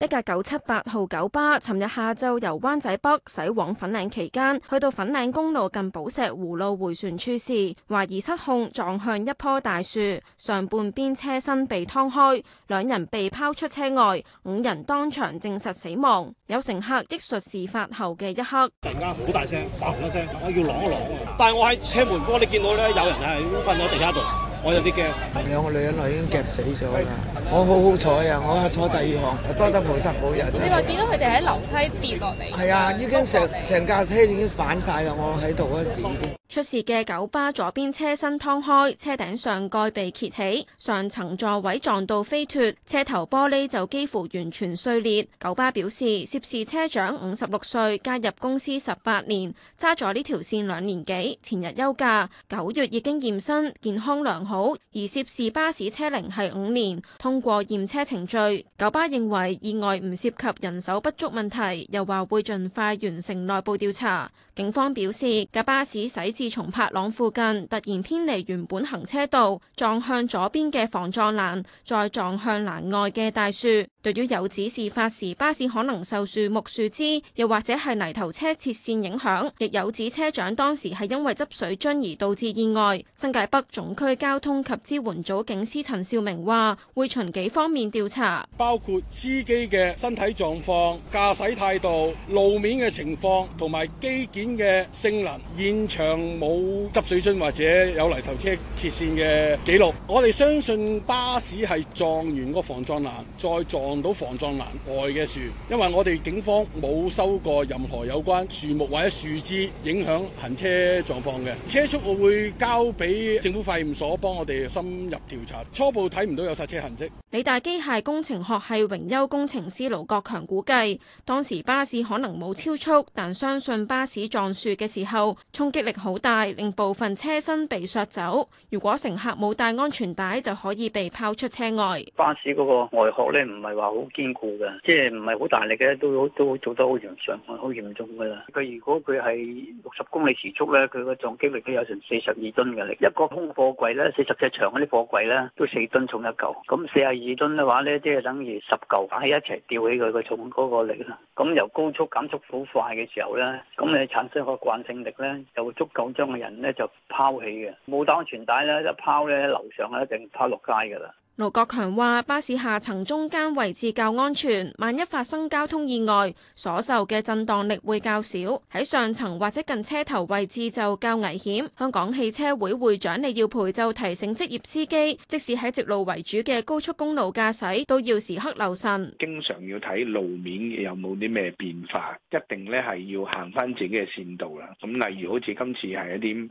一架九七八號九巴，尋日下晝由灣仔北駛往粉嶺期間，去到粉嶺公路近寶石湖路回旋處時，懷疑失控撞向一棵大樹，上半邊車身被劏開，兩人被拋出車外，五人當場證實死亡。有乘客憶述事發後嘅一刻，突然間好大聲，嘭一聲，我要啷一啷，但係我喺車門，玻璃見到咧，有人係瞓咗地下度。我有啲驚，兩個女人我已經夾死咗啦的！我好好彩啊，我係坐第二行，多得菩薩保佑。你話見到佢哋喺樓梯下跌落嚟？係啊的，已經成成架車已經反晒啦！我喺度嗰時已經。出事嘅九巴左邊車身劏開，車頂上蓋被揭起，上層座位撞到飛脫，車頭玻璃就幾乎完全碎裂。九巴表示，涉事車長五十六歲，加入公司十八年，揸咗呢條綫兩年幾，前日休假，九月已經驗身，健康良好。而涉事巴士車齡係五年，通過驗車程序。九巴認為意外唔涉及人手不足問題，又話會盡快完成內部調查。警方表示，架巴士駛。自從柏朗附近突然偏離原本行車道，撞向左邊嘅防撞欄，再撞向欄外嘅大樹。對於有指事發時巴士可能受樹木樹枝又或者係泥頭車切線影響，亦有指車長當時係因為執水樽而導致意外。新界北總區交通及支援組警司陳兆明話，會循幾方面調查，包括司機嘅身體狀況、駕駛態度、路面嘅情況同埋機件嘅性能。現場冇執水樽或者有泥頭車切線嘅記錄， 我哋相信巴士係撞完個防撞欄再撞。到防撞欄外嘅樹，因為我哋警方冇收過任何有關樹木或者樹枝影響行車狀況嘅車速，我會交俾政府化驗所幫我哋深入調查。初步睇唔到有剎車痕跡。理大機械工程學系榮休工程師盧國強估計，當時巴士可能冇超速，但相信巴士撞樹嘅時候衝擊力好大，令部分車身被削走。如果乘客冇帶安全帶，就可以被拋出車外。巴士嗰個外殼咧，唔係。話好堅固嘅，即係唔係好大力嘅，都都做得好嚴重好嚴重㗎啦。佢如果佢係六十公里時速咧，佢個撞擊力都有成四十二噸嘅力。一個空貨櫃咧，四十尺長嗰啲貨櫃咧，都四噸重一嚿。咁四十二噸嘅話咧，即係等於十嚿擺喺一齊吊起佢個重嗰個力啦。咁由高速減速好快嘅時候咧，咁你產生個慣性力咧，就會足夠將個人咧就拋起嘅。冇戴安全帶咧，一拋咧，樓上一定拋落街㗎啦。盧國強話：巴士下層中間位置較安全，萬一發生交通意外，所受嘅震盪力會較少；喺上層或者近車頭位置就較危險。香港汽車會會長李耀培就提醒職業司機，即使喺直路為主嘅高速公路駕駛，都要時刻留神，經常要睇路面有冇啲咩變化，一定咧係要行翻自己嘅線道啦。咁例如好似今次係一啲誒，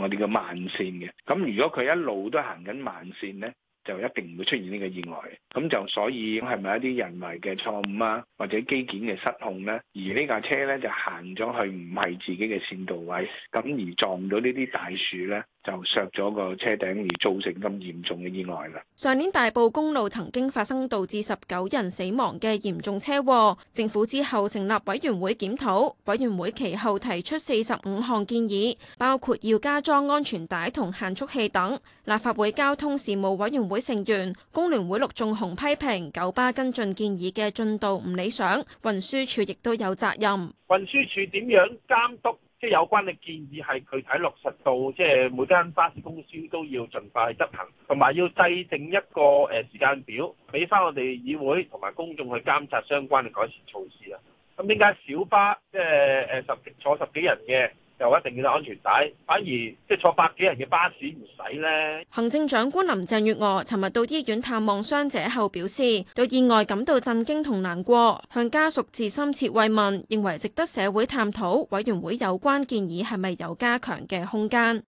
我哋嘅慢線嘅，咁如果佢一路都行緊慢線呢，就一定唔會出現呢個意外嘅，咁就所以係咪一啲人為嘅錯誤啊，或者機件嘅失控呢？而呢架車呢，就行咗去唔係自己嘅線道位，咁而撞到呢啲大樹呢。就削咗個車頂，而造成咁嚴重嘅意外啦。上年大埔公路曾經發生導致十九人死亡嘅嚴重車禍，政府之後成立委員會檢討，委員會其後提出四十五項建議，包括要加裝安全帶同限速器等。立法會交通事務委員會成員工聯會陸仲雄批評九巴跟進建議嘅進度唔理想，運輸署亦都有責任。運輸署點樣監督？即係有關嘅建議係具體落實到，即係每間巴士公司都要盡快執行，同埋要制定一個誒時間表俾翻我哋議會同埋公眾去監察相關嘅改善措施啦。咁點解小巴即係誒十坐十幾人嘅？就一定要安全帶，反而即係坐百幾人嘅巴士唔使咧。行政長官林鄭月娥尋日到醫院探望傷者後表示，對意外感到震驚同難過，向家屬致深切慰問，認為值得社會探討，委員會有關建議係咪有加強嘅空間。